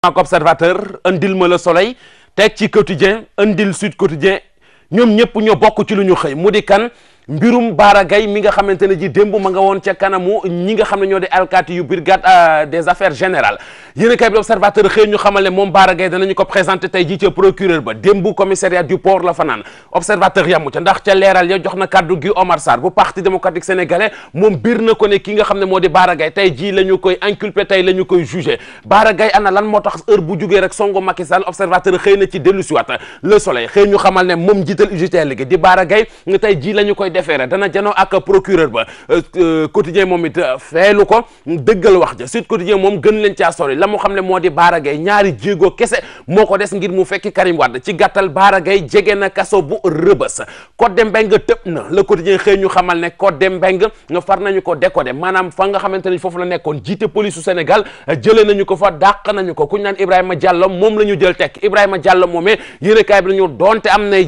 ak observateur indil ma le soleil teg ci quotidien indil sud quotidien ñoom ñëpp ñoo bokk ci lu ñu xëy mu di kan mbirum Bara Gaye mi nga xamante ne ji démb ma nga woon ca kanamu ñi nga xam ne ñoo di alkaati yu brigade euh, des affaires générales yéen a kay bi l'observateur xëy ñu xamal ne moom Bara Gaye danañu ko présenté tey ji ca procureur ba démb commissariat du port la leeral jox na kaddu gi Omar Sarr bu moom biir na ko ki nga xam ne moo di Bara Gaye tey ji la ñu koy inculpé tey la koy jugé Bara Gaye ana moo tax heure bu jugee rek songo Macky Sall observateur xëy na ci dellu siwaat le soleil xëy ne moom jiital UGTL gi di Bara Gaye tey defeere dana janoo ak procureur ba euh, euh, quotidien moom it euh, feelu ko dëggal wax ja Sud Quotidien moom gën leen caa sori la mu xam ne moo di Bara Gaye ñaari jéego kese moo ko des ngir mu fekki Karim Wade ci gàttal Bara Gaye jege na kaso bu rëbës Codé Mbengue tëb na le quotidien xëy ñu xamal ne Codé na far nañu ko décoder maanaam fa nga xamante ni foofu la nekkoon jiite police su Sénégal jëlee nañu ko fa dàq nañu ko ku ñu naan Ibrahima Diallo moom la ñu jël tekk Ibrahima Diallo moomee yéenekaay bi nañu donte am nay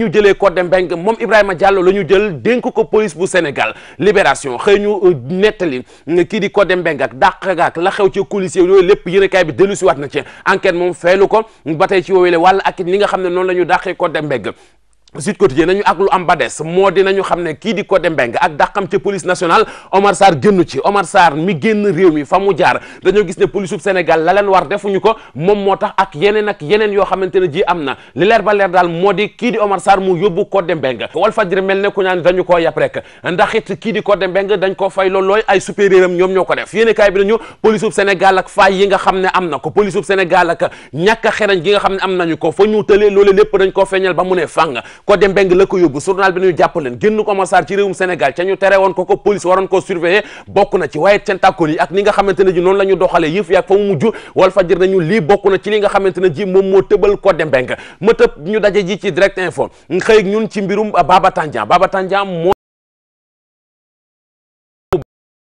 ñu jëlee Codé Mbengue moom Ibrahima Diallo la ñu jël dénk ko police bu Sénégal libération xëy ñu euh, nettali kii di Codé Mbengue ak daq ak la xew ci coulisses yooyu lépp yéenekaay bi dellusiwaat na ci enquête moom feelu ko ba tey ci woowee wàll ak li nga xam ne noonu la ñu dàqee Codé Mbengue Sud Quotidien nañu ak lu am ba des moo dinañu xam ne kii di Codé Mbengue ak dàqam ca police nationale Omar Sarr génnu ci Omar Sarr mi génn réew mi fa mu jaar dañoo gis ne police sub Sénégal la war defuñu ko moom moo tax ak yeneen ak yeneen yoo xamante ne ji am na li leer ba leer daal moo di kii di Omar Sarr mu yóbbu Codé Mbengue Walf Fadjri mel ne ku ñaan dañu ko yàpp rek ndax it kii di Codé Mbengue dañ ko fay looy ay supérieur ñoom ñoo ko def yéene kaay bi nañu police sub Sénégal ak fay yi nga xam ne am na ko police sub ñàkk a xerañ gi nga xam ne am nañu ko fa ñu tëlee loolu lépp dañ koo feeñal ba mu ne fàng Codé Mbengue la ko yóbbu journal bi ñu jàpp leen génn ko Omar Sarr ci réewum Sénégal ca ñu tere woon ko ko police waroon koo surveiller bokk ci waaye seen ak ni nga xamante ne ji noonu la ñu doxalee yëf yaag fa mu mujj wal fajir nañu lii bokk na ci li nga xamante ne ji moom moo tëbal Codé Mbengue ma tëb ñu daje ji ci direct info xëy ñun ci mbirum Baba Tandian Baba Tandian